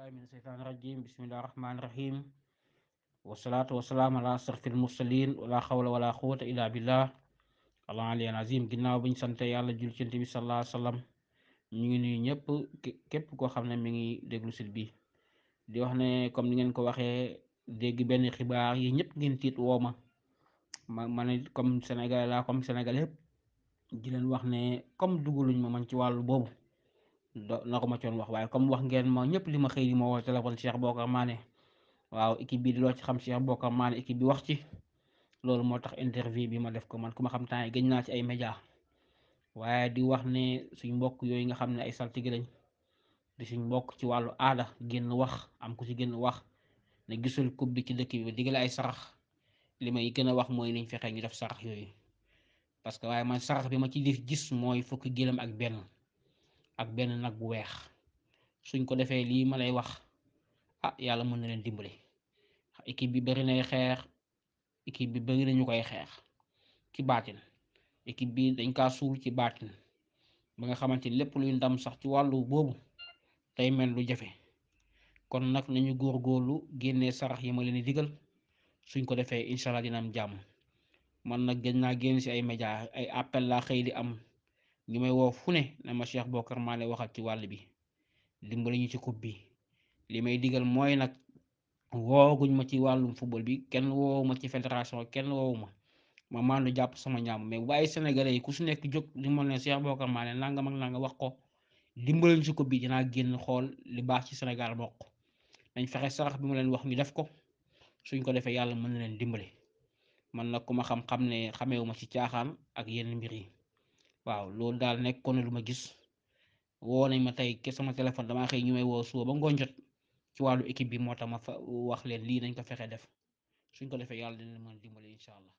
billahi min shaytan rajim bismillahir rahmanir rahim wassalatu wassalamu ala asrafil mursalin wala hawla wala quwwata illa billah allah aliyan azim ginnaaw buñ sante yàlla jul ci nabi sallallahu alayhi wasallam ñu ngi nuyu ñëpp képp koo xam ne mi ngi déglu sit bi di wax ne comme ni ngeen ko waxee dégg benn xibaar yi ñëpp ngeen tiit woo ma comme sénégalais laa comme sénégalais yëpp di leen wax ne comme dugaluñ ma man ci wàllu boobu naru ma coon wax waaye comme wax ngeen ma ñëpp li ma xëy di ma woo téléphone Cheikh Bocar maane waaw équipe bi di loo ci xam Cheikh Bocar Mané équipe bi wax ci loolu moo tax interview bi ma def ko man ku ma xam temps yi gëñ naa ci ay média waaye di wax ne suñ mbokk yooyu nga xam ne ay saltige lañ di suñ mbokk ci wàllu aada génn wax am ku ci génn wax ne gisul coupe bi ci dëkk bi digale ay sarax li may gën a wax mooy niñ fexe ñu def sarax yooyu parce que waaye man sarax bi ma ci def gis mooy fukki gëlëm ak benn ak benn nag bu weex suñ ko defee lii ma lay wax ah yàlla mën na leen dimbali équipe bi bëri nay xeex équipe bi bëri nañu koy xeex ci baatin équipe bi dañ kaa suul ci baatin ba nga xamante ni lépp luy ndam sax ci wàllu boobu tey mel lu jafe kon nag nañu góor góorgóorlu génnee sarax yi ma leen digal suñ ko defee incha allah dina jàmm man nag gën naa génn si ay média ay appel xëy di am lima may woo fu ne na ma Cheikh male wax ak ci wàll bi dimbali ñu ci coupe bi limay may digal mooy nag wooguñ ma ci wàllum football bi kenn woowu ma ci federation kenn ma ma maandu sama ñam mais waye sénégalais yi ku su nekk jog li ma ne Cheikh Bokar Maale nangam ak nangam wax ko dimbali ñu ci coupe bi dina genn xol li baax ci Sénégal bokk nañ fexé sarax bi ma leen wax ñu def ko suñ ko defé yalla mën na leen dimbali man nak kuma xam-xam ne ci tiaxan ak yenn mbir yi. waaw loolu daal nekkoon na lu ma gis woo nañ ma tey ke sama téléphone damaa xëy ñu may woo suba ba ngoo jot ci wàllu équipe bi moo tax ma fa wax leen lii nañ ko fexe def suñ ko defee yàlla dina mën a dimbali incha allah